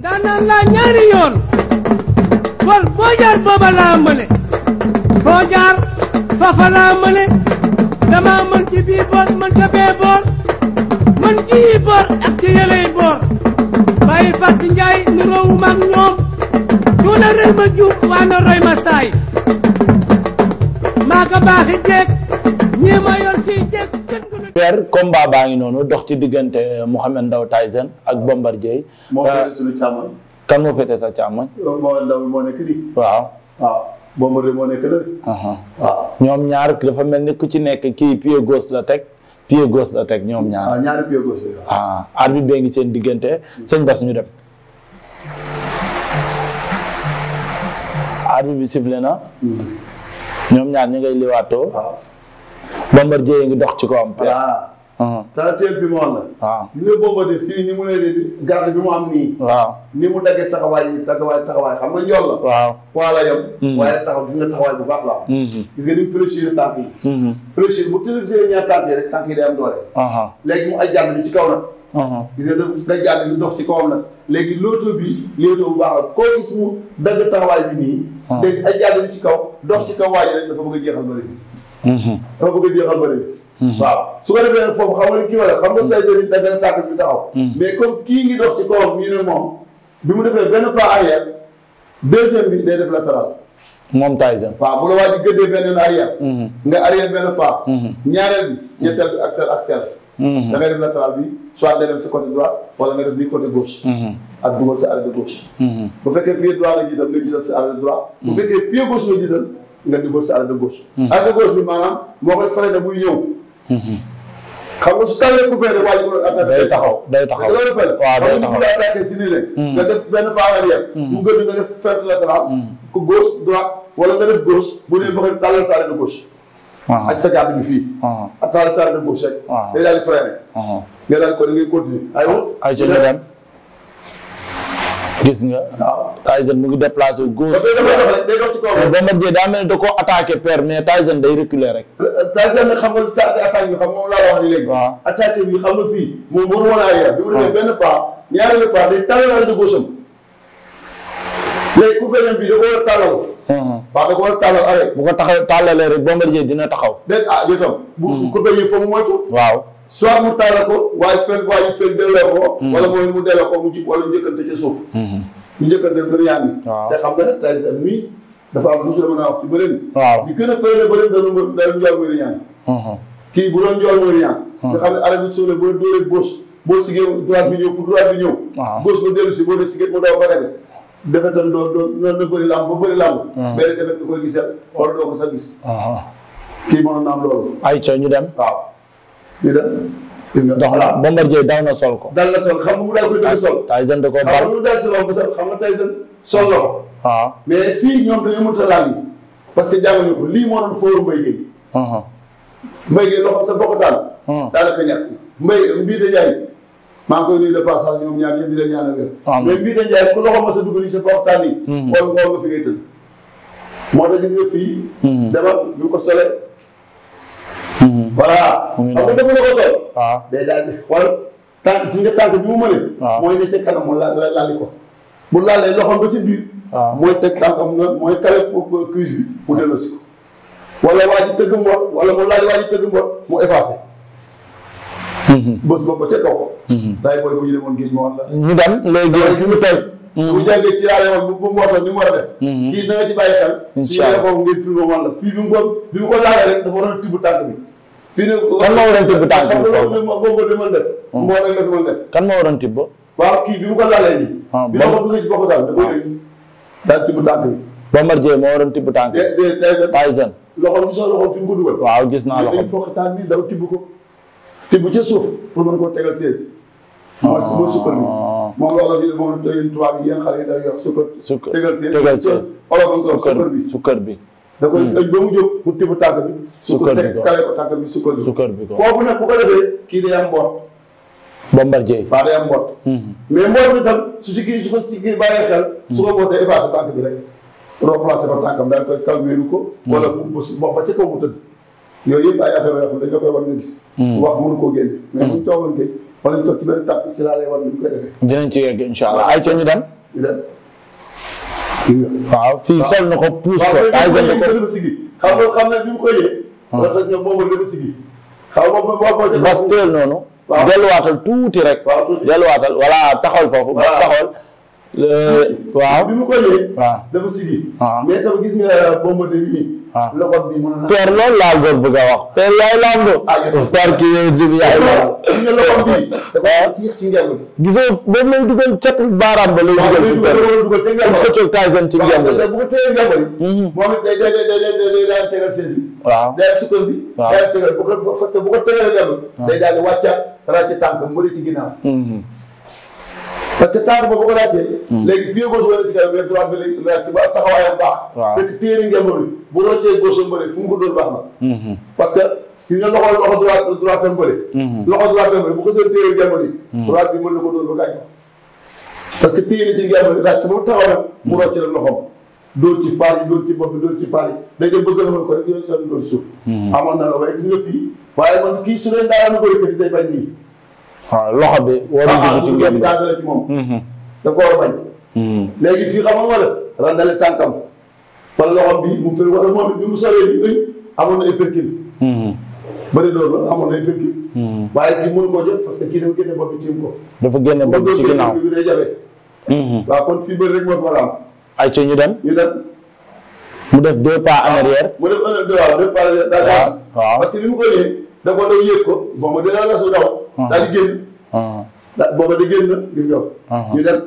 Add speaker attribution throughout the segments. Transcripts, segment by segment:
Speaker 1: ndaanaan laa ñaari yoon kon boo jaar booba laa mëne boo jaar fafa laa mëne dama mën ci mën ca mën ci yi boor ak ci yeley nu roowu mag ñoom cuuna rëy ma waa na roy ma maa ko baaxi ñii ma père
Speaker 2: combat baa ngi noonu dox ci diggante euh, Mouhamed Ndao Tyson ak Bombardier. moo euh, féete suñu càmmoñ. kan moo féete sa càmmoñ.
Speaker 1: Mouhamed Ndao moo
Speaker 2: waaw waaw. moo nekk uh-huh. ñoom ñaar dafa mel ni ku ci nekk kii pied gauche la teg. pied la teg ñoom ñaar.
Speaker 1: waaw
Speaker 2: ah, ah, bee ngi seen diggante sëñ Bas ñu dem. arbitre bi sifflé na. Hmm.
Speaker 1: ñoom ñaar ñu ngay liwaatoo.
Speaker 2: Bombardier ngi dox ci
Speaker 1: kawam. voilà. Uh-huh. taa teel fi mu woon la. waaw gis nga Bombardier fii ni mu ne garde bi mu am nii. waaw ni mu daggee taxawaay yi taxawaay taxawaay xam nga njool la. waaw poids la yem. Mm-hmm. waaye taxaw gis nga taxawaay bu baax la am. Mm-hmm. gis nga ni mu fléchir tànk yi. Mm-hmm. fléchir bu fléchir ñaar rek tànk yi day am doole. Uh-huh. léegi mu aj jàng bi ci kaw nag. Uh-huh. gis nga dafa jàng bi dox ci kawam nag. léegi loto bi loto bu baax la koo gis mu dagg taxawaay bi nii. léegi aj jàng bi ci kaw dox ci kaw waaye rek dafa bëgg a jeexal bëri bi Mhm. dafa bëgg a jeexal bëri bi mhm. waaw su ko defee nag foofu xam nga kii wala xam nga Tyson da nga tàgg bi taxaw mhm. mais comme kii ngi dox ci kawam ñu ne moom bi mu defee benn pas arrière deuxième bi day def latéral
Speaker 2: moom Tyson
Speaker 1: waaw bu la waa ji gëddee benn arrière nga arrière benn pas ñaareel bi ñetteel bi accel accel da ngay def latéral bi soit nga dem si côté droit wala nga def bi côté gauche. ak dugal si arrière de gauche. bu fekkee pied droit nga jiital nga jiital nga dugal sa à de gauche. Hmm. à de gauche bi maanaam moo koy freiné buy ñëw. Hmm. xam nga su tànnee coupé rek waa ji ko doon attaqué. day taxaw da ngay fay. waaw day taxaw attaqué si nii hmm. nga def benn pas arrière. mu gën nga def feinte latéral. ko gauche droite wala nga def gauche bu dee ba koy tàllal sa à de gauche. ak sa gàdd bi fii. tàllal sa à de gauche rek. day di freiné. nga daal ko da ngay continuer
Speaker 2: aywa. ayca ñu dem gis nga. waaw Tyson mu ngi déplacé wu góor. day dox ci kaw rek.
Speaker 1: da koo attaqué père mais day reculer rek. Euh, Tyson nag xam nga attaque bi xam moom laa wax léegi. waaw attaque bi xam nga fii moom waru woon arrière. bi mu defee benn pas ñaareelu pas day tàllal de gauche am. léegi coupé bi da ko war a uh-huh. a tàllal arrêt. bu ko taxaw tàllalee rek Bombardier dina taxaw. dégg ah jotam. bu hmm. coupé waaw. soit mu taala ko waaye fekk waaye ñu delloo ko. Hmm. wala mooy mu delloo ko mu jib wala njëkkante ca suuf. ñu hmm. nga nag taay mi dafa am a wax ci bëri a fay hmm. bu doon njool mooy riñaan. nga xam ne arab yi sóole si boo dee sigee mu daw fa rajo. defe tan doo doo noonu la bëri ba bëri làmb. benn defet nga koy gisal wala doo ko sa gis. kii mënoon na loolu. ay ca ñu dem waaw bii da gis nga dox na Bombardier daw na sol ko. dal na sol xam nga mu daal koy dugg sol. Tyson da koo bar xam nga mu daal ah. a sa loxo ma sa dugg nii sa bokkataan yi. Mm-hmm. xool moo tax gis fii. Mm-hmm. dama ñu ko solee. voilà. mu ngi noonu xam nga ko di xool tànk nga tànk bi mu mënee. waaw ko. bu laalee loxoom ba ci biir. waaw mooy teg tànkam noonu mooy kale cuisse bi wala waa ji tëgg mboot wala mu laaj waa mu effacé. Mhm. bés boobu ba ca kaw. daay mhm. booy bu ñu demoon géej ma woon la. ñu dem léegi géej ñu fay. Mhm. bu jàngee ci laale woon bu mu waxoon ni mu a def. kii na la fii bi mu ko bi rek dafa waroon tibb tànk bi. fii ne kan moo waroon tibb tànk bi foofu boobu demoon def. Hmm. moo rek la fi mën def. kan moo waroon tibb. waaw kii bi mu ko laalee nii. Ah, bi ma ko duggee ci bopp daal da koy dégg. daal tibb tànk bi. Bombardier moo waroon tibb tànk bi. de de Tyson. loxo gisoo loxo fi mu ko dugal. waaw gis naa loxo bi léegi bokk tànk bi daw tibb ko. tibb ca suuf pour mën koo tegal siège.
Speaker 3: mooy ah. mooy sukkar bi. moom
Speaker 1: la olof yi moom la tubaab yi yéen xale yi dañuy wax sukkar. sukkar tegal siège tegal siège. olof sukkar bi
Speaker 2: sukkar bi. da koy hmm. ba
Speaker 1: mu jóg mu tibb bi. sukkar bi ko kale ko tànk bi sukkar bi. sukkar bi ko foofu nag bu ko defee kii day am mboot.
Speaker 2: bombardier. waaw day am mboot. Hmm.
Speaker 1: mais mboot tam su ci kii su ko ci kii bàyyee xel. su ko hmm. bootee effacé tànk bi rek. remplacé ko tànkam daal koy calmer ko. wala mu mboq ba ca mu tëdd. yooyu yëpp ay affaire yoo wax mënu koo génne. mais buñ toogoon kay wala ñu toog ci benn tàpp ci laa lay war nañ koy
Speaker 2: defee. ci yegg incha
Speaker 1: waaw fii sol na ko puus ko. waaw xam nga xam hmm. na si boobu xaw ma boobu noonu. waaw delluwaatal tuuti rek. waaw tuuti delluwaatal voilà taxawal foofu. waaw bas taxawal. waaw bi mu ko yee. waaw dafa sigi. waaw ah. mais tam gis nga Bombardier bi. waaw ah. loxo bi mën na. père loolu
Speaker 2: laa doon bëgg a wax. père yaay laa doon. ah yow père kii yow di yaay laa.
Speaker 1: gis nga loxo bi. dafa ci ci ngeen.
Speaker 2: gis nga boobu lay dugal catu baaraam ba lay dugal. ci ngeen waaw dugal ci ngeen. xëccoo kaasan ci ngeen. waaw bu ko téyee ngeen bëri.
Speaker 1: Mhm. moom it day day day day day daal tegal seen bi. waaw day sukkal bi. waaw day tegal bu ko parce que bu ko téyee ngeen. Ah. day daal di wàccaat ràcc tànk mu ci ginnaaw. Mhm. parce que taar boobu ko laajtee. Hmm. léegi pied gauche wala ci kanam rek droite ba léegi laaj ci ba baax. waaw fekk téeri ngembam bu roccee gauche am bële fu mu ko dóor hmm. que ki nga loxo loxo droite droite hmm. loxo droite am bële bu xasee téeri ngembam yi. droite bi mën na ko dóor ba gaañ ko. parce que téeri ci ngembam bi laaj ci ba mu taxaw rek mu roccee rek loxoom. dóor amoon na la waaye nga fii waaye man kii su dee ndaanaan bëri day bañ nii waaw loxo bi warul dugg ci ngeen la ci moom daf ko war a bañ mhm. léegi fii xamam wala randale tànkam wala loxom bi mu fël wala moom bi mu solee bi ëñ amoon na hyperkine mhm. bëri doon la amoon na hyperkine mhm. waaye kii mënu koo jot parce que kii dafa génne bopp bi tiim ko dafa génne bopp ci ginnaaw bi day jafe waaw kon fii bëri rek moo fi war a am ay ci ñu dem ñu dem mu def deux pas en arrière mu def un deux waaw deux pas en arrière waaw parce que bi mu ko yee da ko daw yéeg ko booba dinaa la su daw. Ah. daal di génn. Ah. da booba di génn gis nga. Ah. ñu dem.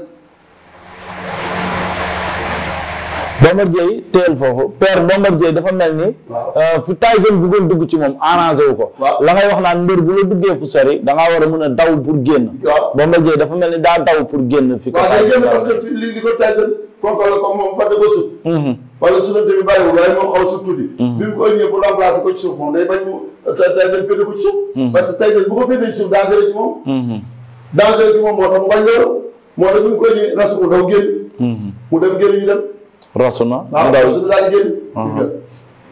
Speaker 1: Bombardier teel foofu père Bombardier
Speaker 2: dafa mel ni. waaw euh, fu Tyson bëggoon ci moom arrangé wu ko. la ngay wax naan mbër bu la duggee da ngaa war a mën daw pour génn. waaw Bombardier dafa mel ni daa daw pour génn. fi ko waaw génn parce que
Speaker 1: li ko Tyson kooku la ko moom fa da sut. Mhm. wala sunante bi bàyyiwul waaye moo xaw su tuuti mm-hmm. bi mu ko ëññee bu remplacé ko ci suuf moom day bañ mu Tyson féete ko ci suuf mm-hmm. parce que Tyson bu ko féetee ci suuf danger ci moom mm-hmm. danger ci moom moo tax mu bañ loolu moo tax bi mu ko ëññee rasu ko daw génn mu dem génn ñu dem
Speaker 2: rasu na waaw rasu na daal di génn uh-huh.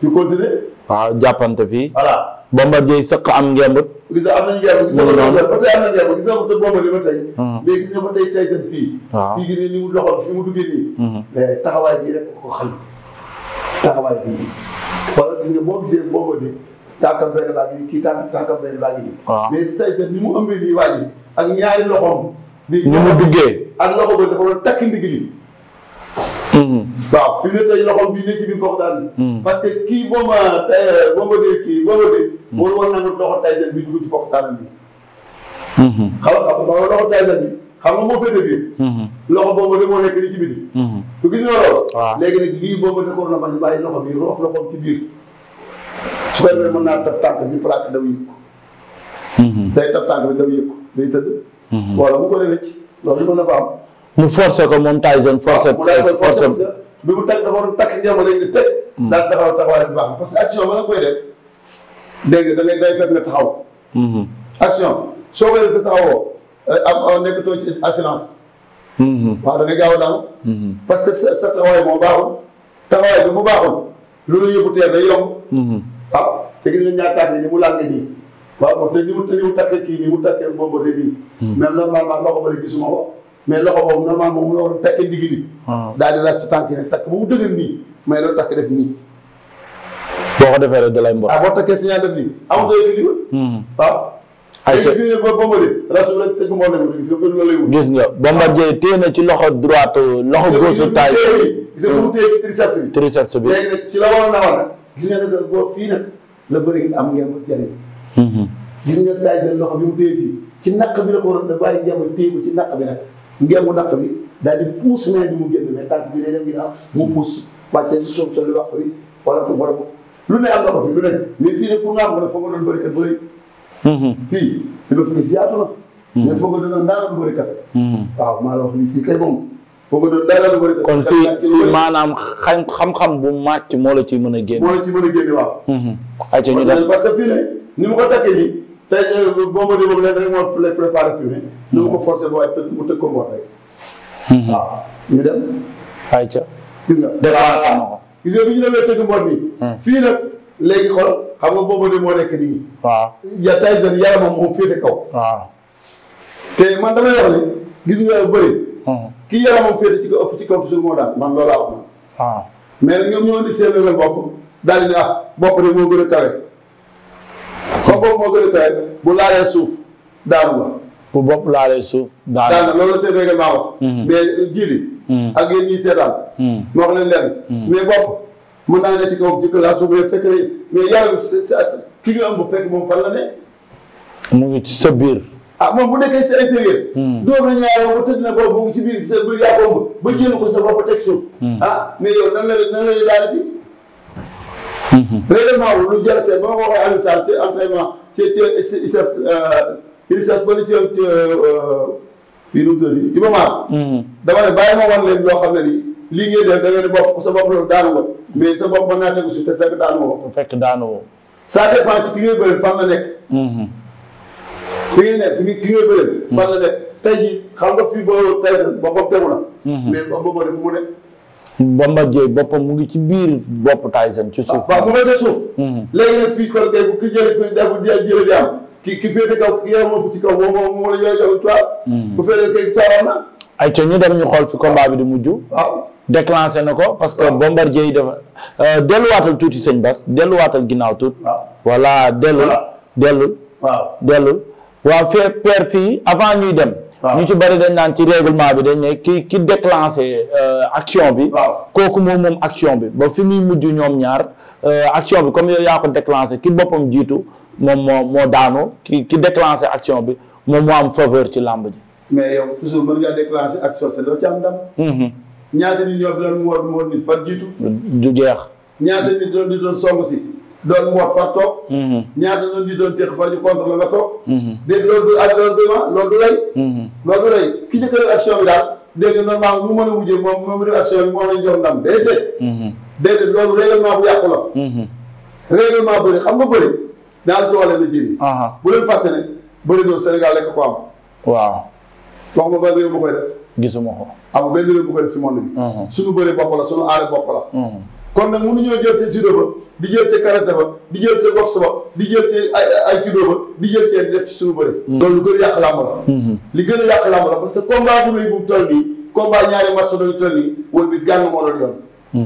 Speaker 1: ñu continuer waaw jàppante fii voilà Bombardier sëq am ngemb gis nga am nañ ngemb gis nga ba tey am na ngemb gis nga ba tey Bombardier ba tey uh-huh. mais gis nga ba tey Tyson fii fii gis nga ni mu loxo fi mu duggee nii uh-huh. mais taxawaay bii rek ko xal taxawaay bii wala gis nga boo gisee boo ko dégg tànkam benn baa ngi nii kii tànk tànkam benn baa ngi nii. mais tey ni mu ëmbee nii ak ñaari loxoom. di ni mu duggee. ak loxo ba dafa doon takk ndig li. Mm-hmm. waaw fi ne tey loxoom bii nekk ci biir mboq bi. Mm-hmm. parce que kii boo ma boo ma dee kii boo ma dee. Mm-hmm. war na loxo Tyson bi dugg ci mboq daal bi. xam nga xam nga loxo Tyson bi. xam nga moo féete biir loxo boobu de moo nekk ni ci biti du gis nga loolu léegi nag lii boobu de ko la bax ñu loxo bi roof loxoom biir su ko defee mën naa daf tànk bi daw yëg ko day daf tànk bi daw yëg ko day tëdd wala bu ko dee rëcc loolu mën na fa am
Speaker 2: mu forcé ko moom Tyson
Speaker 1: forcé forcé bi mu takk dafa war a takk njaboot rek di teg daal taxaw taxawaay bu baax parce action ba nga koy def dégg day fekk nga taxaw action soo koy def te Euh, am nekkatoo ci assurance. Mm-hmm. waaw da gaaw daal. Mm-hmm. parce que sa taxawaay moo baaxul. taxawaay bi mu baaxul. loolu yëpp teer day yomb. waaw mm-hmm. ah, te gis nga nii. te ni mu te ni mu takkee kii nii mu takkee mbombo de mais normalement loxo ba la gisuma a ah. takk ndigg li. daal ba mu nii mais loolu takk def nii.
Speaker 2: boo ko defee rek da lay mbor. ah boo
Speaker 1: takkee si ñaar def nii amatoo waaw. ayca fii nag ba Bombardier rasul rek tegu moo nekk gis nga fi loolu lay gis nga Bombardier ah. téye na la
Speaker 2: waroon a war a gis nga
Speaker 1: fii nag la bëri am ngeen ko jëriñ. Mhm. gis nga taay seen loxo bi mu téye fii ci naq bi la ko waroon da bàyyi ngeen téye ko ci naq bi nag ngeen mu naq bi daal di puus mel bi mu génn mais tànk bi day dem ginnaaw mu lu wax bi wala mu war a lu ne am na fi lu ne mais fii nag pour nga xam ne foo ko doon bëri kat Mhm. fii li ma fi gis yaatu na. Mhm. mais foog nga doon daanaka bëri kat. Mhm. waaw maa la wax ni fii kay moom. foog nga doon daanaka bëri kat. kon fii fii
Speaker 2: maanaam xam-xam bu màcc moo la ciy mën a génn. moo
Speaker 1: la ciy mën a génn waaw. ayca ñu def ni mu ko takkee nii. tey eh, boo ma déggoo léegi rek moo lay préparé fii nii. ni mu ko forcé ba waaye mu tëgg ko mboot rek. fii nag léegi xool. xam nga boobu li moo nekk nii. waaw ya Tyson yaramam moom féete kaw. te man damay wax ni gis nga bëri. Hmm. ki yaramam féete ci ko ci kaw toujours moo daan man loolaa wax. waaw ah. mais nag ñoom seen level bopp ah, a kawe. comme boobu moo gën a kawe bu laalee suuf suuf. wax. Hmm. mais jiili. Hmm. ak yéen ñiy seetaan. ma wax leen lenn. mais bopp. mën naa ne ci kaw jëkk laa suuf mais fekk na mais yàlla ki nga am bu fekk moom fan la ne.
Speaker 3: mu ngi
Speaker 2: ci sa biir.
Speaker 1: ah moom bu nekkee sa intérieur. Hmm. doom na ñaareel ba tëj na boobu mu ci biir sa biir yaa bomb ba hmm. jël ko sa bopp teg suuf. Hmm. ah mais yow nan la nan la ñu daal di. règlement wu lu jar seet ba ma ko waxee Alioune Sarr ci entraînement ci ci ISAF euh, ISAF fële ci euh, fii nu mu tëdd Iba Mar. dama ne bàyyi ma wan leen loo xam ne nii lii ngeen sa bopp loolu daanu nga. mais sa bopp mën naa tegu si te fekk daanu woo. fekk daanu woo. ça dépend ci ki ngay fan la nekk. Mhm. fi ngay nekk fi ki fan la nekk tey jii xam nga fii ba Tyson boppam tegu na.
Speaker 2: Mhm. mais boppam
Speaker 1: moo def mu
Speaker 2: nekk. ngi ci biir bopp Tyson ci suuf. waaw mu nga sa suuf.
Speaker 1: Mhm. kay bu ki jëlee kuy di am. ki ki kaw ki yaram fu ci kaw moom moom moo la jox jox bu fekkee kay taxaw na.
Speaker 2: ay ca ñu dem ñu xool fi combat bi di mujj. waaw. déclenché na ko parce que bombardier yi dafa euh, delluwaatal tuuti sëñ Bas delluwaatal ginnaaw tuut voilà dellul dellul waaw dellul waaw fee père fii avant ñuy dem ñu ci bari dañ naan ci règlement bi dañ ne ki ki déclenché euh, action bi kooku moom moom action bi ba fi muy mujj ñoom ñaar euh, action bi comme yow yaa ko déclenché ki boppam jiitu moom moo moo daanu ki ki déclenché action bi moom moo am faveur ci làmb ji
Speaker 1: mais yow toujours mën ngaa déclenché action sa doo ci ñaata nit ñoo fi doon mu war mu war nit du jeex. ñaata nit doon di doon song si. doon mu war far toog. Mm-hmm. ñaata doon di doon teq far ñu contre la nga toog. Mm-hmm. dégg loolu du ak loolu du loolu du lay. Mm-hmm. ki njëkk a action bi daal dégg nga normalement lu mën a wujjee moom moom def action bi moo lay jox ndam déedéet. déedéet loolu règlement bu yàqu
Speaker 3: la.
Speaker 1: règlement bëri xam nga bëri daal ci wàllu na jëriñ. bu leen fàtte bëri doon Sénégal rek ko am. wax ma ba réew bu koy def. gisuma ko. amul benn réew bu koy def ci monde bi. Mhm. suñu bëree bopp la suñu aare bopp la. Mhm. kon nag mënuñoo jël di jël seen karaté ba di jël seen boxe ba di jël seen ay ay di jël seen def ci suñu bëri. Mhm. loolu lu gën a yàq làmb la. li gën a yàq làmb la parce que combat bu rëy bu toll nii combat ñaari match dañu toll nii wóor bi gàng moo doon yoon.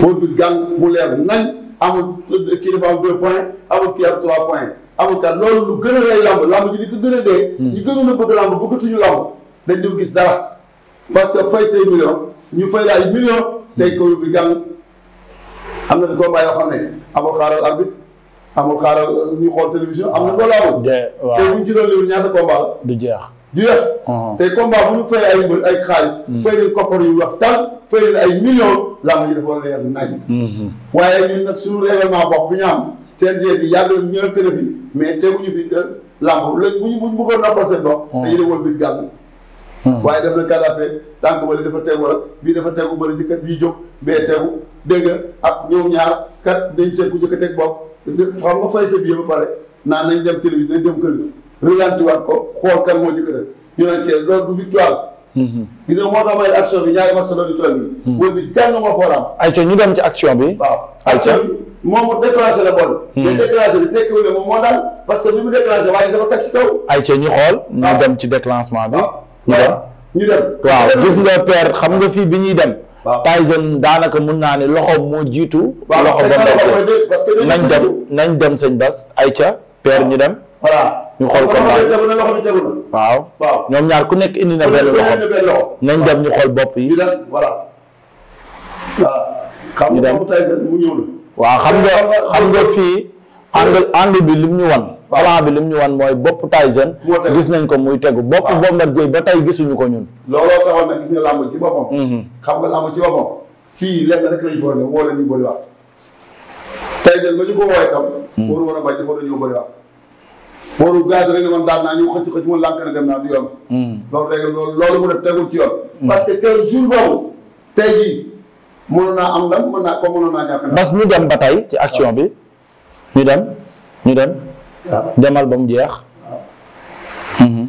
Speaker 1: wóor bi gàng mu leer nañ amul kii dafa am deux points amul kii am trois points. amul loolu lu gën a rey làmb làmb ji li ko gën a dee. Hmm. ñu gënoon a bëgg làmb bëggatuñu làmb dañ dul gis dara parce que fay say million ñu fay la ay million tey ko hmm. bi gàng am na fi combat yoo xam ne amul xaaral arbitre amul xaaral euh, ñu xool télévision am na ko ah. laawoon. waaw ñu ci doon léegi ñaata combat la. du jeex du jeex. Uh-huh. tey combat bu ñu fay ay mbër ay xaalis. Hmm. fay leen koppar yu wax tal fay leen ay millions làmb ji dafa war a leer nañ. waaye ñun nag suñu règlement bopp bu ñu CNG bi yàgg ñu nekk na fi mais teguñu fi euh, làmb léegi bu ñu bu nappal seen bopp. Hmm. dañuy dem woon biir hmm. waaye def na canapé tànk wala dafa tegu la bii dafa tegu ba la njëkk bii jóg bee tegu dégg nga ak ñoom ñaar kat dañ seet ku njëkk a teg bopp xam nga fay sa biir ba pare naan nañ dem télévision nañ dem kër ga relantiwaat ko xool kan a def ñu naan teel loolu du victoire. Hmm. gis nga moo tax may action bi ñaari match la di toll nii. bi kenn nga foo
Speaker 2: am. ñu dem ci action bi.
Speaker 1: waaw moom déclenché la bon. Hmm. moo daal parce que bi mu déclenché teg ci
Speaker 2: ay ca ñu xool. ñu ah. dem ci déclenchement bi. Ah. ñu dem ah. ñu dem. waaw gis nga père xam nga fii bi ñuy dem. waaw Tyson daanaka mun naa ne loxo moo jiitu. waaw loxo
Speaker 1: ba
Speaker 2: nañ dem nañ dem sëñ Bas ay ca père ñu dem. ñu xool
Speaker 1: comme
Speaker 2: waaw waaw ñaar ku nekk indi na nañ dem ñu xool yi. ñu dem nga
Speaker 1: Tyson mu
Speaker 2: waaw xam nga xam nga fii. angle angle bi mu ñu wan. plan bi lim ñu wan mooy bopp Tyson. gis nañ ko muy tegu bopp Bombardier ba tey gisuñu ko ñun.
Speaker 1: looloo taxoon nag gis nga làmb ci boppam. Mhm. xam nga làmb ci boppam. fii lenn rek lañu formé la ñu bëriwaat. Tyson ba ñu ko woowee hmm. a bañ dafa dañoo bëriwaat. rek ne man daan naa ñu xëcc xëcc mu lànk na dem naa du yoon. Hmm. loolu rek def tegul ci yoon. Hmm. parce que quinze jours boobu tey jii. mënoon am ndam mën bas ñu dem ba ci action bi ñu dem ñu dem demal ba mu jeex
Speaker 3: mhm.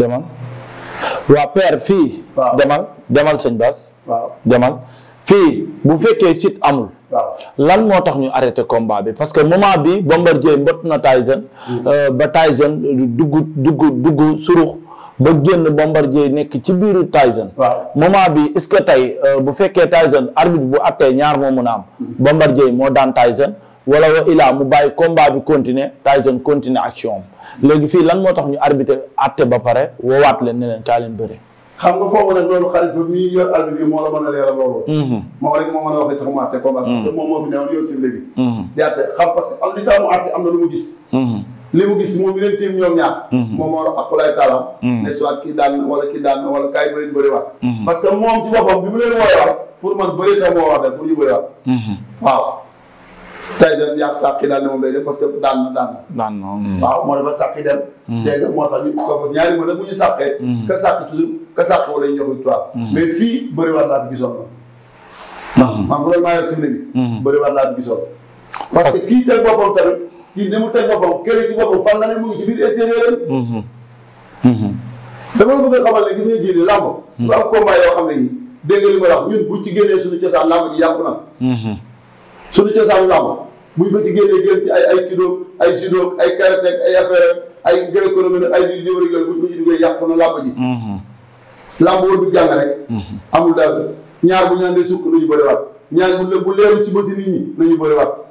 Speaker 2: demal waa père fii demal demal sëñ Bas demal fii bu fekkee site amul lan moo tax ñu arrêté combat bi parce que moment bi Bombardier mbott na Tyson mhm. euh, ba Tyson dugg dugg dugg surux ba génn Bombardier nekk ci biiru Tyson. moment bi est-ce que tey euh, bu fekkee Tyson arbitre bu attee ñaar moo mun a am. Mm-hmm. Bombardier moo daan Tyson. wala wa ilaa mu bàyyi combat bi continuer Tyson continuer action am léegi fii lan moo tax ñu arbitre atte ba pare woowaat leen ne leen kaa leen bëre.
Speaker 1: xam nga foofu nag loolu xarit bi mi yor arbitre moo la mën a leeral loolu. Mm-hmm. moom rek moo mën a wax ne tax mu atte combat. Mm-hmm. parce que moom moo fi newoon yor cible bi. li mu gis moom leen tiim ñoom ñaar mhm. moom war a aqulaay taalam mhm. ne soit kii daan wala kii daan wala kaay bëri bëri waat mhm. parce moom ci boppam bi mu leen wooye waat pour man bëri tax moo wax dem yàq daan na
Speaker 3: daan na waaw
Speaker 1: moo dafa sàq dem dégg nga moo tax ñu ko parce que ñaari mën nag bu ñu sàqee ka sàq toujours ka sàq wala ñu jox victoire mais fii bëri waat laa fi gisoon na man bu doon maa yor simne bi bëri waat laa fi gisoon parce kii teel boppam tamit kii ni mu teg boppam kële ci boppam fan la ne mu ngi ci biir intérieur
Speaker 3: mm-hmm. Mm-hmm.
Speaker 1: dama bëgg a xamal ne gis nga jili làmb lu mm-hmm. am combat yoo xam ne yi dégg li ma wax ñun buñ ci génnee suñu cosaan làmb ji yàqu na suñu cosaan làmb buñ ko ci génnee génn ci ay ay ay judo ay karaté ay ay gréco-romain ay li livre yooyu na làmb ji làmb woon du jàng rek amul daal ñaar bu ñaan dee sukk nañu bëriwaat ñaar bu bu ci bëti nit ñi nañu bëriwaat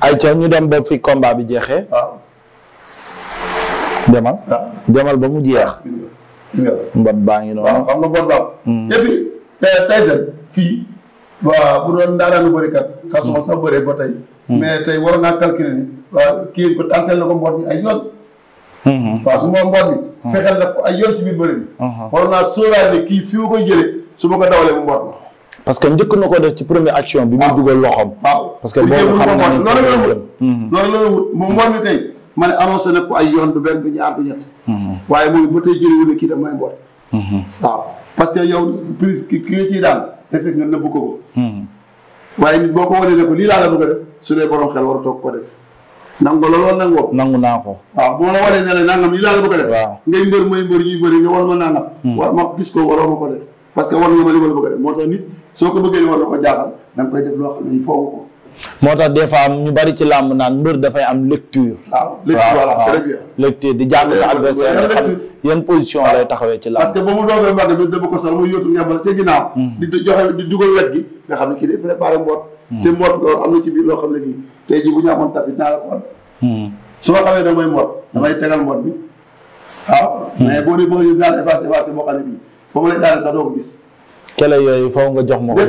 Speaker 1: ay ca ñu dem ba fi combat bi jeexee. waaw. demal. demal ba mu jeex. baa ngi noonu. waaw xam nga mbot baa. Hmm. et puis eh, Tyson fii. waaw bu doon daanaanu bëri kat. xasuma hmm. sax bëree ba tey. Hmm. mais tey waroon naa calculer ni. waaw kii ko tàntal na ko mbot bi ay yoon. waaw su ma mbot bi. fexeel na ko ay yoon ci biir bëri bi. waroon naa sóoraale kii fi koy jële su ma ko dawalee bu mbot ma. parce que njëkk na ko def ci première action. bi muy dugal loxoom. waaw parce que boobu ma ne na ko ay yoon du benn du mhm. kii daf may boole. Mhm. parce que yow prise ki ki nga ciy ko ko. Mhm. waaye nit boo ko wanee ne ko lii laa a def a nangu loolu nangu naa ko. waaw bu ma la wanee ne la nangam lii laa la bëgg a def. ngay mbër mooy bëri nga war ma nangam. war ma gis ko waroo ma ko def. parce que war nga ma li ma bëgg a moo tax nit soo ko bëggee li war na ko jaaxal da nga koy def loo xam ne foog ko.
Speaker 2: moo tax des fois ñu bari ci làmb naan mbër dafay am lecture. waaw lecture di jàng sa adversaire nga position lay taxawee ci làmb. parce que ba
Speaker 1: mu doon mbagg mi hmm. di dugal wet gi nga xam ne kii day préparé mboot. Hmm. te mboot loolu am na ci biir loo xam ne nii tey jii bu ñu amoon tapis naa ko wan. Hmm. su ma xamee damay mboot damay tegal mboot bi waaw. mais boo dee foofu lañ daal sax doo ko gis.
Speaker 2: kele yooyu faaw nga jox ma ko.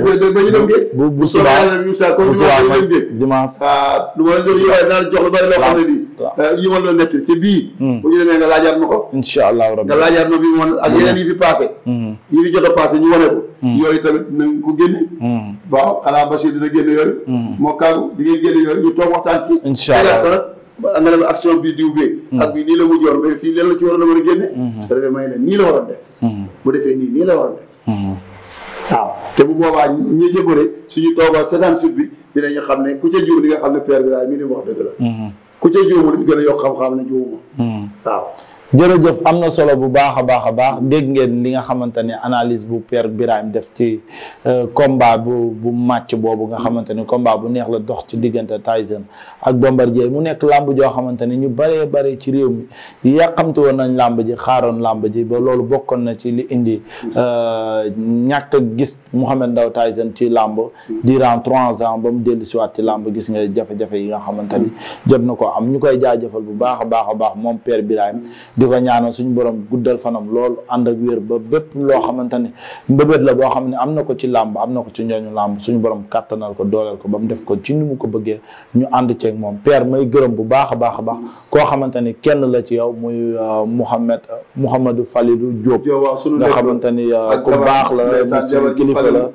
Speaker 2: bu bu subaa bu ma
Speaker 1: dimanche. ah lu ma la jox yow bari loo xam ne nii. Ah, yi ma doon nekk ci bii. Hmm. bu ñu demee nga laajaat ma ko. incha allahu rabi nga laajaat ma bii moom ak yeneen fi passé. Hmm. yi fi jot a passé ñu ko. Hmm. yooyu tamit nañ ko génne. waaw xanaa Bachir dina génne yooyu. moo kaagu di ngeen génne yooyu ñu toog waxtaan ci. incha allah engrais bi action bi diw bee mm. ak bi nii la mujjoon mais fii leen la ci waroon a mën a génne mm. su ko defee may leen nii la waroon def mm. bu defee nii nii la waroon def waaw te bu boobaa ñi ca bëre suñu toogoo seetaan sut bi ñu xam ne ku ca juum li nga xam ne père bi daal mi ni wax dëgg la ku ca juumul gën a yokk xam-xam ne juuma
Speaker 2: waaw jërëjëf am na solo bu baax a baax a baax dégg ngeen li nga xamante ne analyse bu per Birahim def ci euh, combat bu bu match boobu nga xamante ne combat bu neex la dox ci diggante Tyson ak Bombardier mu nekk làmb joo xamante ne ñu baree bare ci réew mi yàqamti woon nañ làmb ji xaaroon làmb ji ba loolu bokkoon na ci li indi euh, ñàkk gis Mouhamed Ndao Tyson ci làmb mm. durant trois ans ba mu dellu siwaat ci làmb gis nga jafe-jafe yi nga xamante ni jot na ko am ñu koy jaajëfal bu baax a baax a baax moom Père Birahim mm. di ko ñaanal suñu borom guddal fanam lool ànd ak wér ba bépp loo xamante ni mbëbët la boo xam ne am na ko ci làmb am na ko ci ñooñu làmb suñu borom kàttanal ko dooleel ko ba mu def ko ci ni mu ko bëggee ñu ànd ceeg moom Père may gërëm bu baax a baax a baax koo xamante ni kenn la ci yow muy euh, Mouhamed Mouhamadou Falidou Diop nga xamante ni euh, ku baax la mu kilifa xamale la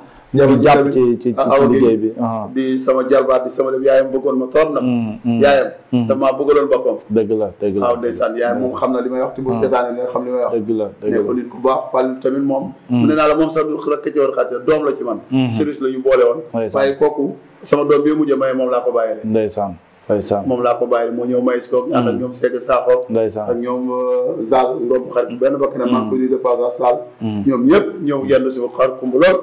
Speaker 2: ñëw jàpp ci ci ci liggéey bi
Speaker 1: di sama jarbaat di sama lépp yaayam bëggoon ma tool na mm, mm, mm. yaayam dama bëggaloon boppam dëgg la dëgg la waaw ndeysaan yaayam moom xam na li may wax te bu ah. seetaane dina xam li may wax dëgg la dëgg la nekk nit ku baax Fall tamit moom mu ne naa la moom sax du rakk ci war xaati doom la ci man mm-hmm. service la boole woon waaye kooku sama doom bi mujjee maye moom laa ko bàyyee ndeysaan ndeysaan moom laa ko bàyyi moo ñëw mayis ko mm. ànd ak ñoom Seck Sakho ndeysaan ak ñoom euh, Zal Ngom xaritu benn ba na maa ngi mm. koy nuyu de passage Zal mm. ñoom ñëpp ñëw yendu si fa xar kumb lool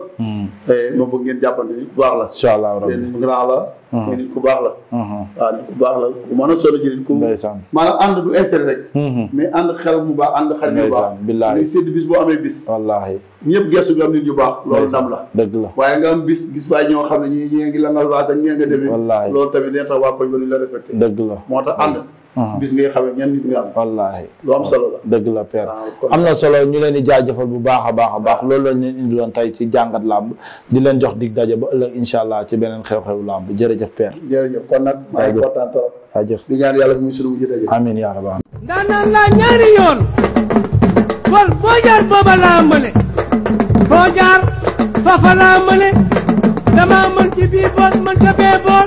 Speaker 1: eh, ma bëgg ngeen jàppante bu baax la incha allah mais nit ku baax la waaw nit ku baax la ku mën a solo ji nit ku maanaam ànd du intérêt rek mais ànd xel mu baax ànd xel mu baax billaay ni boo amee bis wallaahi ñëpp gestu nga am nit ñu baax loolu sam la dëgg la waaye nga am bis gis faa ñoo xam ne ñi ñee ngi la nga waas ak ñee nga demee wallaahi loolu tamit nee tax waa koñ ñu la respecté dëgg la moo tax ànd Ah. bis ngay xamee ñan nit nga am. wallaahi lu am solo la. dëgg la père ah, am na
Speaker 2: solo ñu leen di jaajëfal bu baax a baax a baax loolu lañ leen indiloon tey ci jàngat làmb di leen jox dig daje ba ëllëg incha allah ci beneen xew-xewu làmb jërëjëf père. jërëjëf kon nag. maa ngi kontaan trop. jaajëf di ñaan yàlla bu muy sunu mujj daje. amiin yaa rabbi.
Speaker 1: ndaa naan laa ñaari yoon. kon boo jaar booba laa mëne. boo jaar fafa laa mëne. damaa mën ci bii boor mën ca bee boor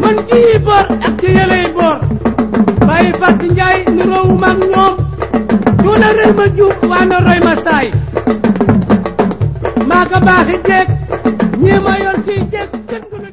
Speaker 1: mën ci yi boor ak ci yële yi boor ay Fatou Ndiaye nu rowu mag ñoom cuuna rëy ma juut waa na roy ma saay
Speaker 3: maa ko baaxi jeeg ñii ma yor